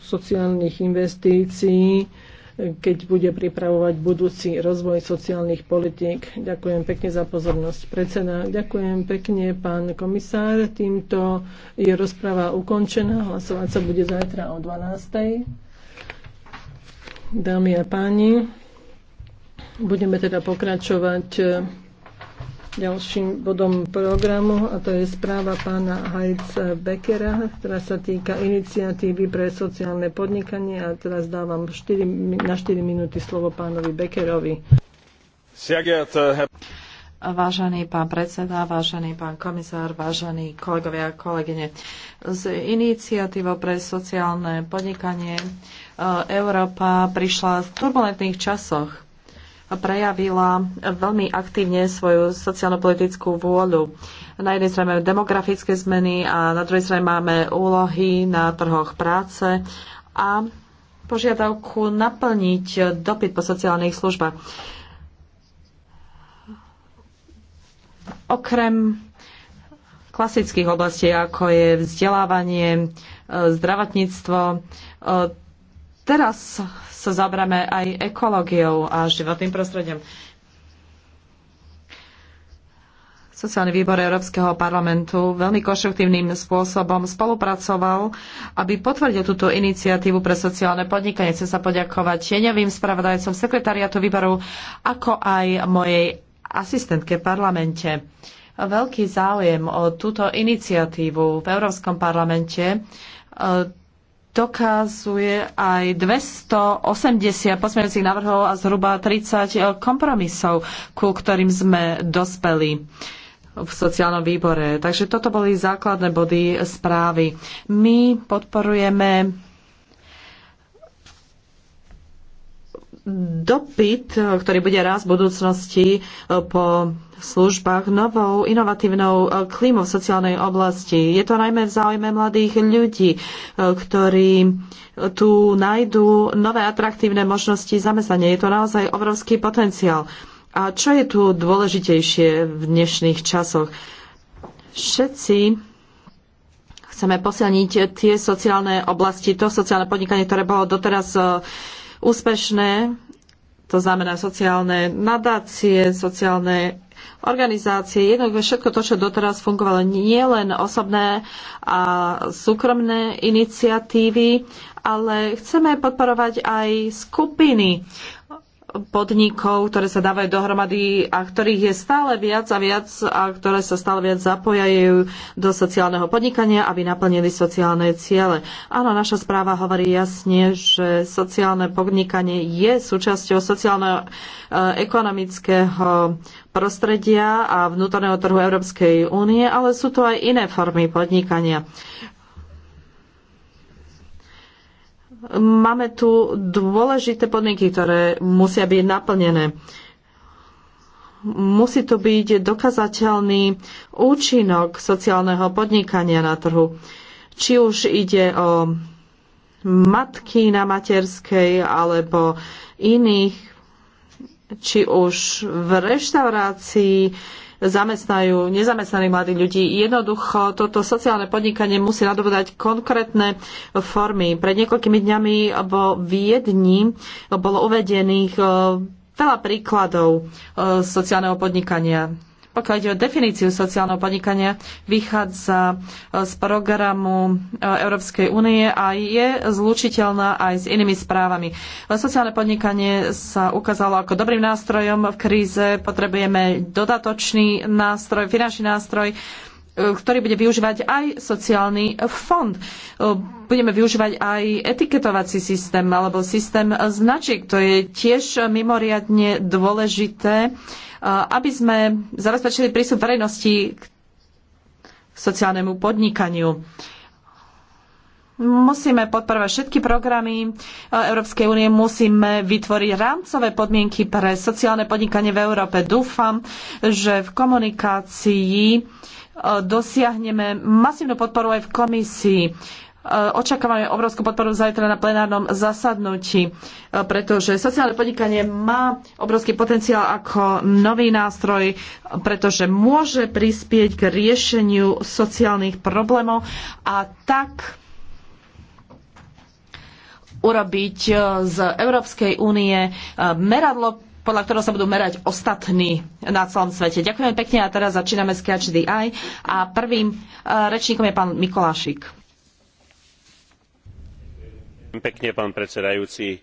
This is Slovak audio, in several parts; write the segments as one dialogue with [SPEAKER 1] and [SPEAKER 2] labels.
[SPEAKER 1] sociálnych investícií, keď bude pripravovať budúci rozvoj sociálnych politík. Ďakujem pekne za pozornosť. Predseda, ďakujem pekne, pán komisár. Týmto je rozpráva ukončená. Hlasovať sa bude zajtra o 12. Dámy a páni, budeme teda pokračovať ďalším bodom programu a to je správa pána Heinz Beckera, ktorá sa týka iniciatívy pre sociálne podnikanie a teraz dávam 4, na 4 minúty slovo pánovi Beckerovi. Vážený pán predseda, vážený pán komisár,
[SPEAKER 2] vážení kolegovia a kolegyne. z iniciatívou pre sociálne podnikanie e, Európa prišla v turbulentných časoch prejavila veľmi aktívne svoju sociálno-politickú vôľu. Na jednej strane máme demografické zmeny a na druhej strane máme úlohy na trhoch práce a požiadavku naplniť dopyt po sociálnych službách. Okrem klasických oblastí, ako je vzdelávanie, e, zdravotníctvo, e, Teraz sa zabrame aj ekológiou a životným prostredím. Sociálny výbor Európskeho parlamentu veľmi konštruktívnym spôsobom spolupracoval, aby potvrdil túto iniciatívu pre sociálne podnikanie. Chcem sa poďakovať tieňovým spravodajcom sekretariatu výboru, ako aj mojej asistentke v parlamente. Veľký záujem o túto iniciatívu v Európskom parlamente e, dokazuje aj 280 pozmeňujúcich návrhov a zhruba 30 eh, kompromisov, ku ktorým sme dospeli v sociálnom výbore. Takže toto boli základné body správy. My podporujeme dopyt, ktorý bude raz v budúcnosti e, po službách novou inovatívnou e, klímou v sociálnej oblasti. Je to najmä v záujme mladých ľudí, e, ktorí tu nájdú nové atraktívne možnosti zamestnania. Je to naozaj obrovský potenciál. A čo je tu dôležitejšie v dnešných časoch? Všetci chceme posilniť tie sociálne oblasti, to sociálne podnikanie, ktoré bolo doteraz úspešné to znamená sociálne nadácie, sociálne organizácie, jednoducho všetko to, čo doteraz fungovalo, nie len osobné a súkromné iniciatívy, ale chceme podporovať aj skupiny podnikov, ktoré sa dávajú dohromady a ktorých je stále viac a viac a ktoré sa stále viac zapojajú do sociálneho podnikania, aby naplnili sociálne ciele. Áno, naša správa hovorí jasne, že sociálne podnikanie je súčasťou sociálno-ekonomického e, prostredia a vnútorného trhu Európskej únie, ale sú to aj iné formy podnikania máme tu dôležité podmienky, ktoré musia byť naplnené. Musí tu byť dokazateľný účinok sociálneho podnikania na trhu. Či už ide o matky na materskej alebo iných, či už v reštaurácii, zamestnajú nezamestnaných mladých ľudí. Jednoducho toto sociálne podnikanie musí nadobúdať konkrétne formy. Pred niekoľkými dňami vo Viedni bolo uvedených eh, veľa príkladov eh, sociálneho podnikania pokiaľ ide o definíciu sociálneho podnikania, vychádza e, z programu e, Európskej únie a je zlučiteľná aj s inými správami. E, sociálne podnikanie sa ukázalo ako dobrým nástrojom v kríze. Potrebujeme dodatočný nástroj, finančný nástroj, ktorý bude využívať aj sociálny fond. Budeme využívať aj etiketovací systém alebo systém značiek. To je tiež mimoriadne dôležité, aby sme zabezpečili prístup verejnosti k sociálnemu podnikaniu. Musíme podporovať všetky programy Európskej únie, musíme vytvoriť rámcové podmienky pre sociálne podnikanie v Európe. Dúfam, že v komunikácii e, dosiahneme masívnu podporu aj v komisii. E, očakávame obrovskú podporu zajtra na plenárnom zasadnutí, e, pretože sociálne podnikanie má obrovský potenciál ako nový nástroj, pretože môže prispieť k riešeniu sociálnych problémov a tak urobiť e, z Európskej únie e, meradlo, podľa ktorého sa budú merať ostatní na celom svete. Ďakujem pekne a teraz začíname s Catch the Eye. A prvým e, rečníkom je pán Mikolášik.
[SPEAKER 3] Pekne, pán predsedajúci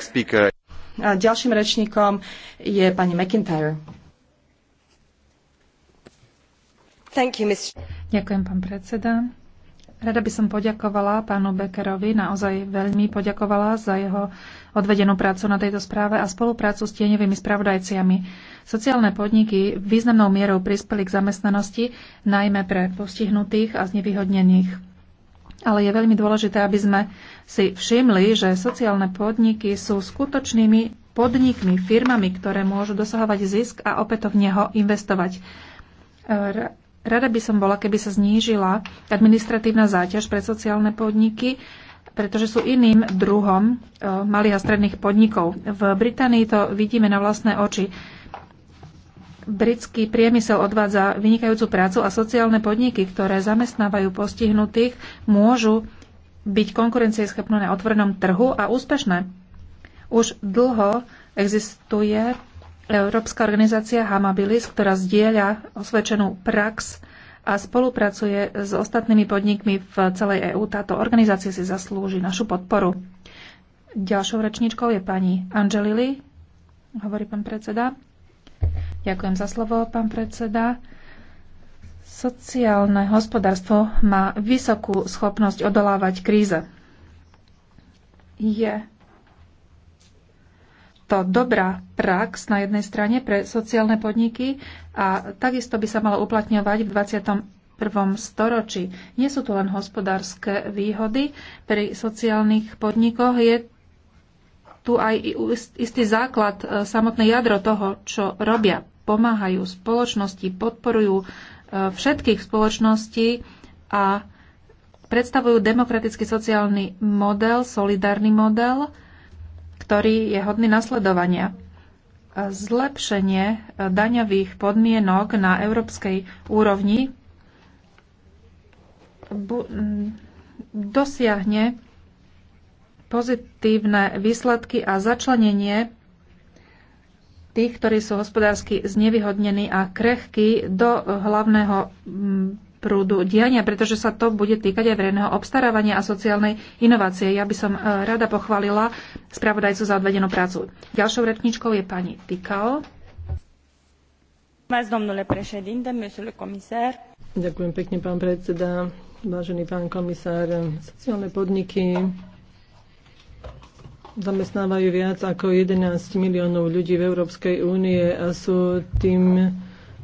[SPEAKER 3] Speaker...
[SPEAKER 2] A ďalším rečníkom je pani McIntyre.
[SPEAKER 4] You, Ďakujem, pán predseda. Rada by som poďakovala pánu Beckerovi, naozaj veľmi poďakovala za jeho odvedenú prácu na tejto správe a spoluprácu s tieňovými spravodajciami. Sociálne podniky významnou mierou prispeli k zamestnanosti, najmä pre postihnutých a znevýhodnených. Ale je veľmi dôležité, aby sme si všimli, že sociálne podniky sú skutočnými podnikmi, firmami, ktoré môžu dosahovať zisk a opätovne ho investovať. Rada by som bola, keby sa znížila administratívna záťaž pre sociálne podniky, pretože sú iným druhom e, malých a stredných podnikov. V Británii to vidíme na vlastné oči. Britský priemysel odvádza vynikajúcu prácu a sociálne podniky, ktoré zamestnávajú postihnutých, môžu byť konkurencieschopné na otvorenom trhu a úspešné. Už dlho existuje Európska organizácia Hamabilis, ktorá zdieľa osvedčenú prax a spolupracuje s ostatnými podnikmi v celej EÚ. Táto organizácia si zaslúži našu podporu. Ďalšou rečníčkou je pani Angelili, hovorí pán predseda. Ďakujem za slovo, pán predseda. Sociálne hospodárstvo má vysokú schopnosť odolávať kríze. Je to dobrá prax na jednej strane pre sociálne podniky a takisto by sa malo uplatňovať v 21. storočí. Nie sú tu len hospodárske výhody pri sociálnych podnikoch, je tu aj istý základ, e, samotné jadro toho, čo robia pomáhajú spoločnosti, podporujú e, všetkých spoločností a predstavujú demokratický sociálny model, solidárny model, ktorý je hodný nasledovania. E, zlepšenie e, daňových podmienok na európskej úrovni dosiahne pozitívne výsledky a začlenenie tých, ktorí sú hospodársky znevýhodnení a krehky do hlavného mm, prúdu diania, pretože sa to bude týkať aj verejného obstarávania a sociálnej inovácie. Ja by som e, rada pochválila spravodajcu za odvedenú prácu. Ďalšou rečničkou je pani Tikao. Ďakujem
[SPEAKER 1] pekne, pán predseda, vážený pán komisár. Sociálne podniky zamestnávajú viac ako 11 miliónov ľudí v Európskej únie a sú tým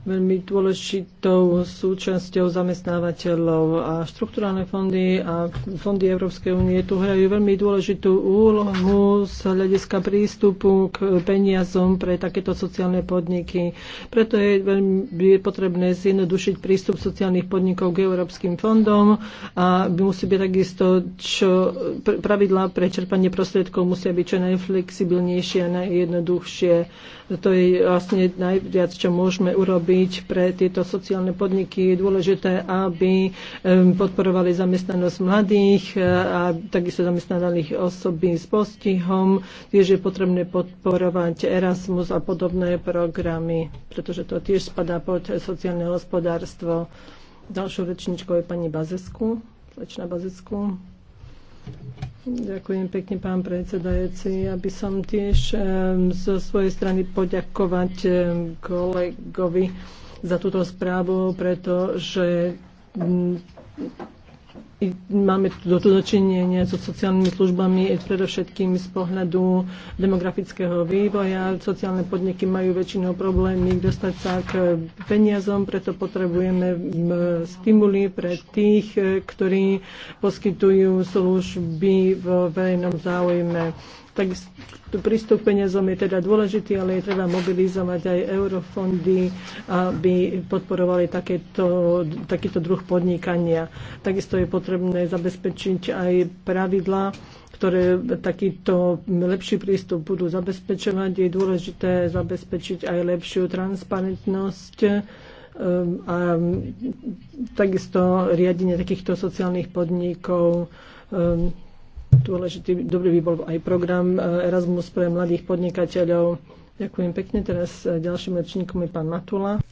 [SPEAKER 1] veľmi dôležitou súčasťou zamestnávateľov a štruktúrálne fondy a fondy Európskej únie tu hrajú veľmi dôležitú úlohu z hľadiska prístupu k peniazom pre takéto sociálne podniky. Preto je veľmi potrebné zjednodušiť prístup sociálnych podnikov k európskym fondom a musí byť takisto, čo pravidlá pre čerpanie prostriedkov musia byť čo najflexibilnejšie a najjednoduchšie. To je vlastne najviac, čo môžeme urobiť byť pre tieto sociálne podniky. Je dôležité, aby podporovali zamestnanosť mladých e, a takisto zamestnaných osoby s postihom. Tiež je potrebné podporovať Erasmus a podobné programy, pretože to tiež spadá pod sociálne hospodárstvo. Ďalšou rečničkou je pani Bazesku, lečná Bazesku. Ďakujem pekne, pán predsedajúci. Ja by som tiež eh, zo svojej strany poďakovať eh, kolegovi za túto správu, pretože mm, Máme tu dotočenie so sociálnymi službami, predovšetkým z pohľadu demografického vývoja. Sociálne podniky majú väčšinou problémy dostať sa k peniazom, preto potrebujeme stimuly pre tých, ktorí poskytujú služby v verejnom záujme. Takisto prístup zom peniazom je teda dôležitý, ale je treba mobilizovať aj eurofondy, aby podporovali takéto, takýto druh podnikania. Takisto je potrebné zabezpečiť aj pravidlá, ktoré takýto lepší prístup budú zabezpečovať. Je dôležité zabezpečiť aj lepšiu transparentnosť um, a takisto riadenie takýchto sociálnych podnikov um, Dôležitý, dobrý by bol aj program e, Erasmus pre mladých podnikateľov. Ďakujem pekne. Teraz e, ďalším rečníkom je pán Matula.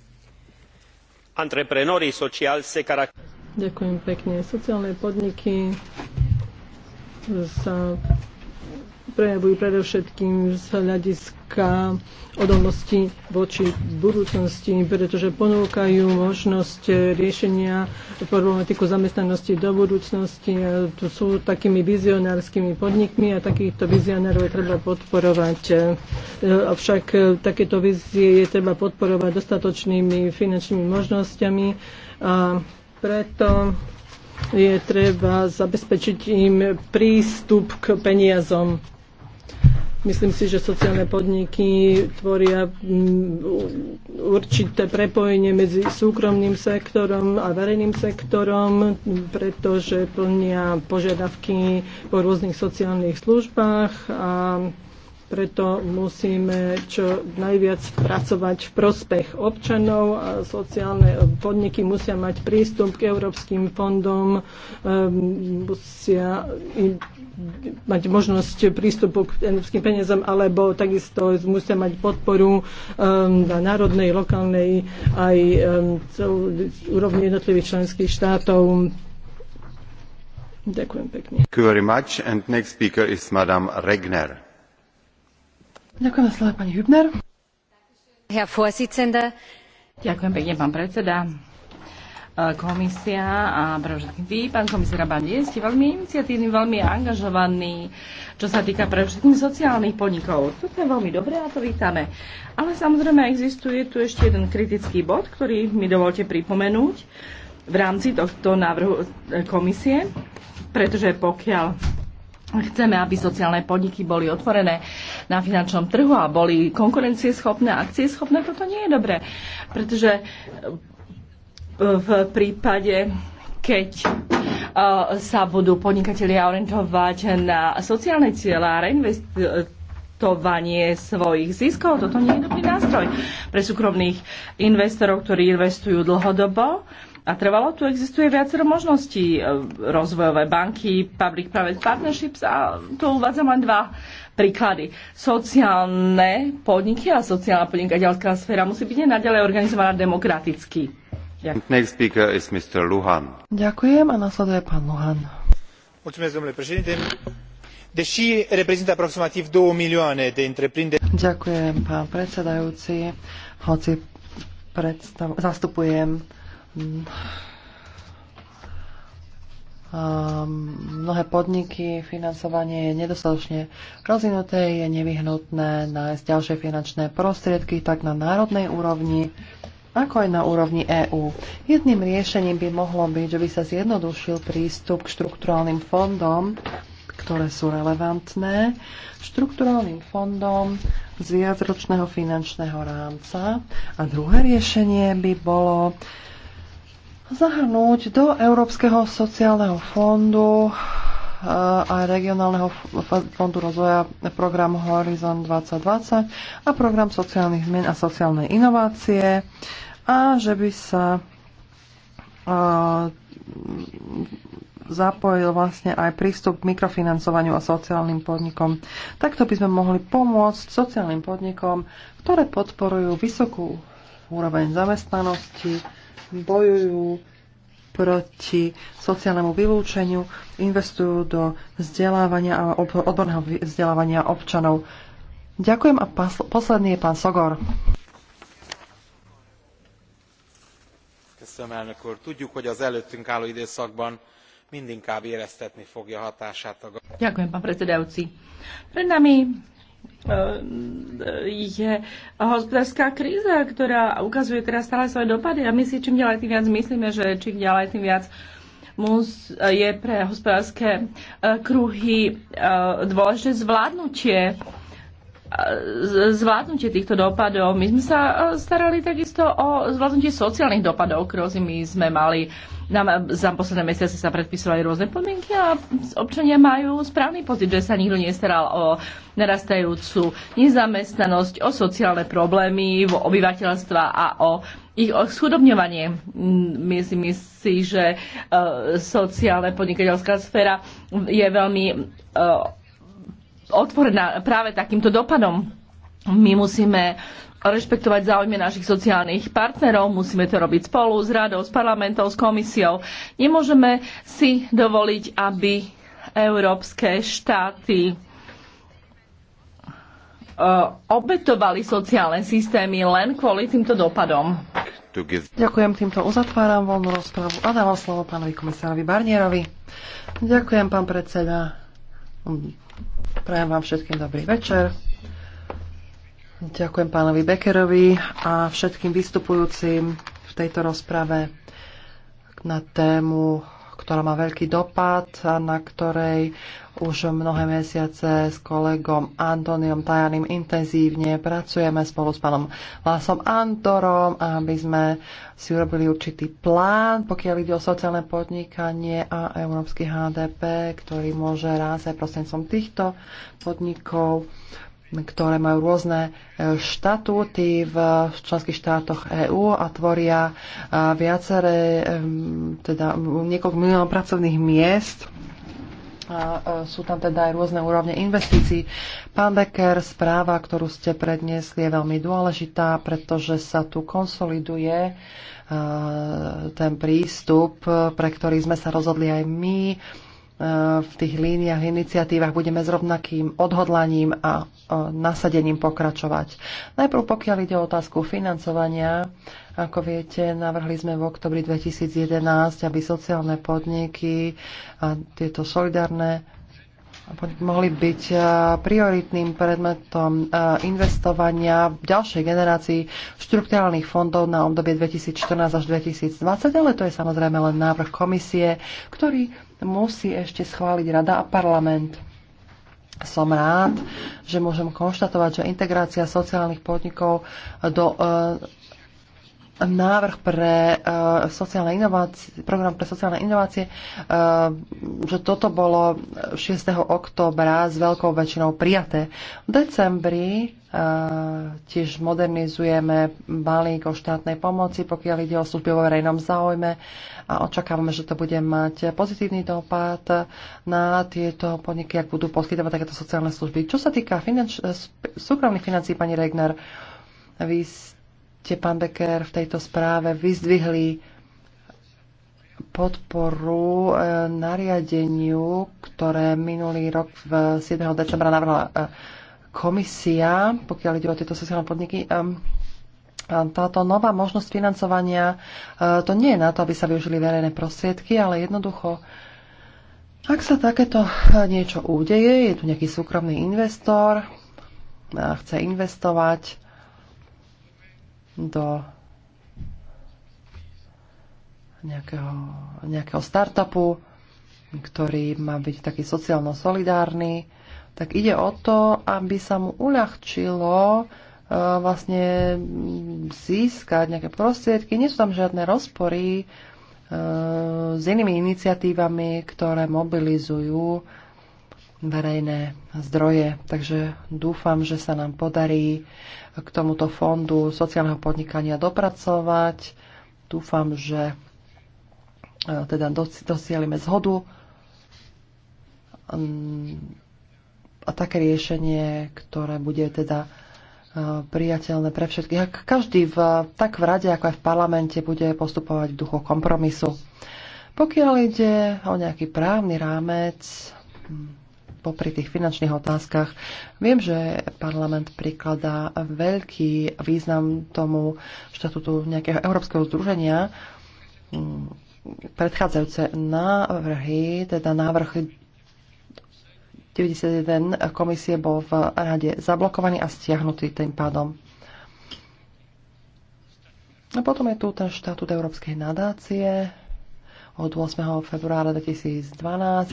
[SPEAKER 3] Entreprenori sociál se charak-
[SPEAKER 1] Ďakujem pekne. Sociálne podniky sa prejavujú predovšetkým z hľadiska odolnosti voči budúcnosti, pretože ponúkajú možnosť riešenia problematiku zamestnanosti do budúcnosti. Tu sú takými vizionárskymi podnikmi a takýchto vizionárov je treba podporovať. E, avšak takéto vizie je treba podporovať dostatočnými finančnými možnosťami a preto je treba zabezpečiť im prístup k peniazom. Myslím si, že sociálne podniky tvoria mm, určité prepojenie medzi súkromným sektorom a verejným sektorom, pretože plnia požiadavky po rôznych sociálnych službách a preto musíme čo najviac pracovať v prospech občanov a sociálne podniky musia mať prístup k európskym fondom, e, musia mať možnosť prístupu k európskym peniazom, alebo takisto musia mať podporu e, na národnej, lokálnej aj e, úrovni jednotlivých členských štátov. Ďakujem pekne.
[SPEAKER 3] Thank you very much. And next speaker is Madame Regner.
[SPEAKER 5] Ďakujem za pani
[SPEAKER 6] Ďakujem pekne, pán predseda e, komisia a predovšetkým vy, pán komisár Bandie, ste veľmi iniciatívny, veľmi angažovaní, čo sa týka pre sociálnych podnikov. To je veľmi dobré a to vítame. Ale samozrejme existuje tu ešte jeden kritický bod, ktorý mi dovolte pripomenúť v rámci tohto návrhu e, komisie, pretože pokiaľ Chceme, aby sociálne podniky boli otvorené na finančnom trhu a boli konkurencieschopné, akcieschopné. Toto nie je dobré, pretože e, v prípade, keď e, sa budú podnikatelia orientovať na sociálne cieľa a reinvestovanie svojich ziskov, toto nie je dobrý nástroj pre súkromných investorov, ktorí investujú dlhodobo a trvalo tu existuje viacero možností. E, rozvojové banky, public private partnerships a to uvádzam len dva príklady. Sociálne podniky a sociálna podnikateľská sféra musí byť nenadalej organizovaná
[SPEAKER 5] demokraticky. Ďakujem.
[SPEAKER 3] Next speaker is Mr. Luhan.
[SPEAKER 5] Ďakujem a nasleduje pán Luhan.
[SPEAKER 3] Mulțumesc, domnule președinte. Deși reprezintă aproximativ 2 milioane de întreprinderi.
[SPEAKER 5] Ďakujem, pán predsedajúci. Hoci predstav- zastupujem Ehm, mnohé podniky, financovanie je nedostatočne rozvinuté, je nevyhnutné nájsť ďalšie finančné prostriedky tak na národnej úrovni, ako aj na úrovni EÚ. Jedným riešením by mohlo byť, že by sa zjednodušil prístup k štrukturálnym fondom, ktoré sú relevantné, štrukturálnym fondom z viacročného finančného rámca. A druhé riešenie by bolo zahrnúť do Európskeho sociálneho fondu eh, a regionálneho fondu rozvoja program Horizon 2020 a program sociálnych zmien a sociálnej inovácie a že by sa eh, zapojil vlastne aj prístup k mikrofinancovaniu a sociálnym podnikom. Takto by sme mohli pomôcť sociálnym podnikom, ktoré podporujú vysokú úroveň zamestnanosti, bojujú proti sociálnemu vylúčeniu, investujú do vzdelávania a odborného vzdelávania občanov. Ďakujem a posledný je pán Sogor.
[SPEAKER 3] Köszönöm, elnök úr. Tudjuk, hogy az előttünk álló időszakban mindinkább éreztetni fogja hatását a...
[SPEAKER 6] Ďakujem, pán predsedajúci. Pred nami je hospodárska kríza, ktorá ukazuje teraz stále svoje dopady a my si čím ďalej tým viac myslíme, že čím ďalej tým viac je pre hospodárske eh, kruhy eh, dôležité zvládnutie zvládnutie týchto dopadov. My sme sa e, starali takisto o zvládnutie sociálnych dopadov, ktoré my sme mali. Nám e, za posledné mesiace sa predpisovali rôzne podmienky a občania majú správny pocit, že sa nikto nestaral o narastajúcu nezamestnanosť, o sociálne problémy v obyvateľstva a o ich schudobňovanie. Myslím si, že e, sociálne podnikateľská sféra je veľmi otvorená práve takýmto dopadom. My musíme rešpektovať záujmy našich sociálnych partnerov, musíme to robiť spolu s radou, s parlamentom, s komisiou. Nemôžeme si dovoliť, aby európske štáty e, obetovali sociálne systémy len kvôli týmto dopadom.
[SPEAKER 5] Ďakujem, týmto uzatváram voľnú rozpravu a dávam slovo pánovi komisárovi Barnierovi. Ďakujem, pán predseda. Prajem vám všetkým dobrý večer. Ďakujem pánovi Bekerovi a všetkým vystupujúcim v tejto rozprave na tému, ktorá má veľký dopad a na ktorej už mnohé mesiace s kolegom Antoniom Tajaným intenzívne pracujeme spolu s pánom Vlasom Antorom, aby sme si urobili určitý plán, pokiaľ ide o sociálne podnikanie a európsky HDP, ktorý môže raz aj prostredníctvom týchto podnikov ktoré majú rôzne e, štatúty v členských štátoch EÚ a tvoria e, viaceré, e, teda niekoľko miliónov pracovných miest a sú tam teda aj rôzne úrovne investícií. Pán Becker, správa, ktorú ste predniesli, je veľmi dôležitá, pretože sa tu konsoliduje ten prístup, pre ktorý sme sa rozhodli aj my v tých líniách, iniciatívach budeme s rovnakým odhodlaním a nasadením pokračovať. Najprv pokiaľ ide o otázku financovania, ako viete, navrhli sme v oktobri 2011, aby sociálne podniky a tieto solidárne mohli byť prioritným predmetom investovania v ďalšej generácii štruktúrnych fondov na obdobie 2014 až 2020, ale to je samozrejme len návrh komisie, ktorý musí ešte schváliť Rada a parlament. Som rád, že môžem konštatovať, že integrácia sociálnych podnikov do návrh pre uh, sociálne inovácie, program pre sociálne inovácie, uh, že toto bolo 6. októbra s veľkou väčšinou prijaté. V decembri uh, tiež modernizujeme balík o štátnej pomoci, pokiaľ ide o služby vo verejnom záujme a očakávame, že to bude mať pozitívny dopad na tieto podniky, ak budú poskytovať takéto sociálne služby. Čo sa týka finanč- súkromných financí, pani Regner, vy ste ste, pán Becker, v tejto správe vyzdvihli podporu e, nariadeniu, ktoré minulý rok v 7. decembra navrhla e, komisia, pokiaľ ide o tieto sociálne podniky. E, táto nová možnosť financovania, to nie je na to, aby sa využili verejné prostriedky, ale jednoducho ak sa takéto niečo udeje, je tu nejaký súkromný investor, chce investovať do nejakého, nejakého startupu, ktorý má byť taký sociálno-solidárny, tak ide o to, aby sa mu uľahčilo e, vlastne získať nejaké prostriedky. Nie sú tam žiadne rozpory e, s inými iniciatívami, ktoré mobilizujú verejné zdroje. Takže dúfam, že sa nám podarí k tomuto fondu sociálneho podnikania dopracovať. Dúfam, že e, teda dosielime zhodu a také riešenie, ktoré bude teda e, priateľné pre všetkých. Ak každý v, tak v rade, ako aj v parlamente bude postupovať v duchu kompromisu. Pokiaľ ide o nejaký právny rámec, hm, popri tých finančných otázkach. Viem, že parlament prikladá veľký význam tomu štatutu nejakého európskeho združenia. Predchádzajúce návrhy, teda návrh 91 komisie bol v rade zablokovaný a stiahnutý tým pádom. A potom je tu ten štatút Európskej nadácie, od 8. februára 2012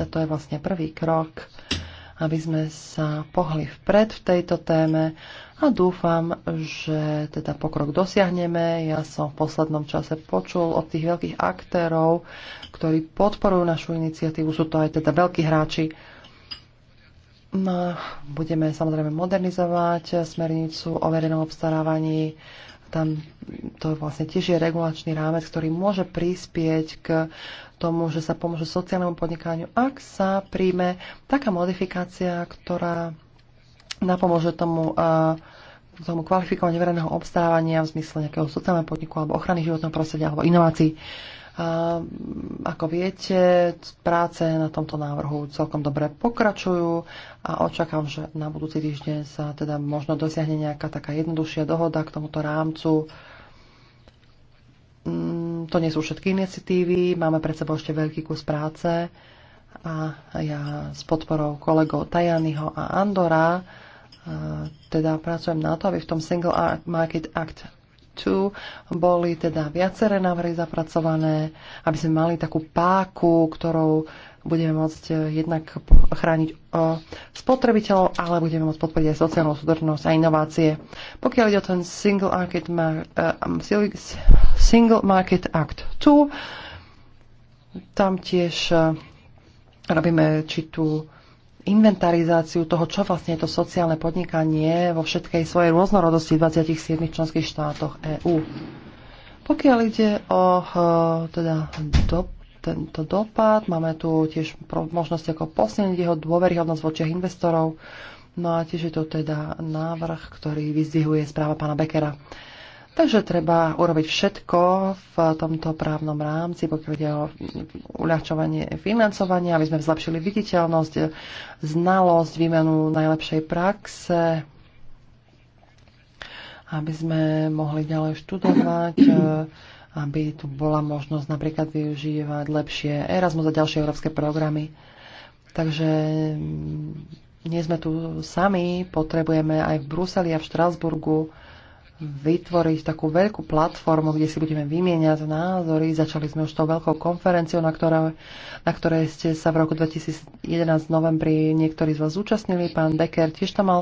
[SPEAKER 5] a to je vlastne prvý krok, aby sme sa pohli vpred v tejto téme a dúfam, že teda pokrok dosiahneme. Ja som v poslednom čase počul od tých veľkých aktérov, ktorí podporujú našu iniciatívu, sú to aj teda veľkí hráči, No, budeme samozrejme modernizovať smernicu o verejnom obstarávaní, tam to vlastne tiež je regulačný rámec, ktorý môže prispieť k tomu, že sa pomôže sociálnemu podnikaniu, ak sa príjme taká modifikácia, ktorá napomôže tomu uh, tomu kvalifikovaniu verejného obstávania v zmysle nejakého sociálneho podniku alebo ochrany životného prostredia alebo inovácií. Uh, a ehm, Ako viete, práce na tomto návrhu celkom dobre pokračujú a očakám, že na budúci týždeň sa teda možno dosiahne nejaká taká jednoduchšia dohoda k tomuto rámcu. Mm, to nie sú všetky iniciatívy, máme pred sebou ešte veľký kus práce a ja s podporou kolegov Tajanyho a Andora ehm, teda pracujem na to, aby v tom Single Market Act tu boli teda viaceré návrhy zapracované, aby sme mali takú páku, ktorou budeme môcť eh, jednak chrániť eh, spotrebiteľov, ale budeme môcť podporiť aj sociálnu súdržnosť a inovácie. Pokiaľ ide o ten Single Market, eh, Single Market Act 2, tam tiež robíme či tu inventarizáciu toho, čo vlastne je to sociálne podnikanie vo všetkej svojej rôznorodosti v 27 členských štátoch EÚ. Pokiaľ ide o e, teda, do, tento dopad, máme tu tiež možnosť ako posilniť jeho dôveryhodnosť v očiach investorov, no a tiež je to teda návrh, ktorý vyzdvihuje správa pána Bekera. Takže treba urobiť všetko v tomto právnom rámci, pokiaľ ide o uľahčovanie financovania, aby sme zlepšili viditeľnosť, znalosť, výmenu najlepšej praxe, aby sme mohli ďalej študovať, eh, aby tu bola možnosť napríklad využívať lepšie Erasmus a ďalšie európske programy. Takže mm, nie sme tu sami, potrebujeme aj v Bruseli a v Štrasburgu vytvoriť takú veľkú platformu, kde si budeme vymieňať názory. Začali sme už tou veľkou konferenciou, na, ktorá, na ktorej ste sa v roku 2011 v novembri niektorí z vás zúčastnili. Pán Decker tiež tam mal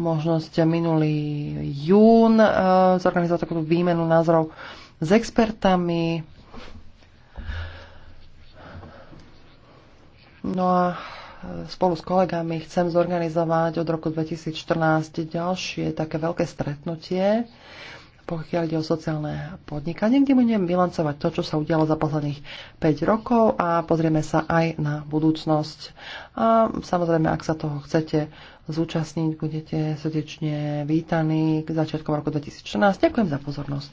[SPEAKER 5] možnosť minulý jún uh, zorganizovať takúto výmenu názorov s expertami. No a spolu s kolegami chcem zorganizovať od roku 2014 ďalšie také veľké stretnutie, pokiaľ ide o sociálne podnikanie, kde budem vylancovať to, čo sa udialo za posledných 5 rokov a pozrieme sa aj na budúcnosť. A samozrejme, ak sa toho chcete zúčastniť, budete srdečne vítaní k začiatkom roku 2014. Ďakujem za pozornosť.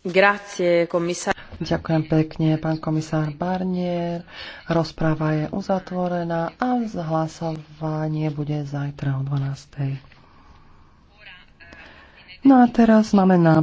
[SPEAKER 2] Grazie, komisár.
[SPEAKER 5] Ďakujem pekne, pán komisár Barnier. Rozpráva je uzatvorená a hlasovanie bude zajtra o 12. No a teraz máme na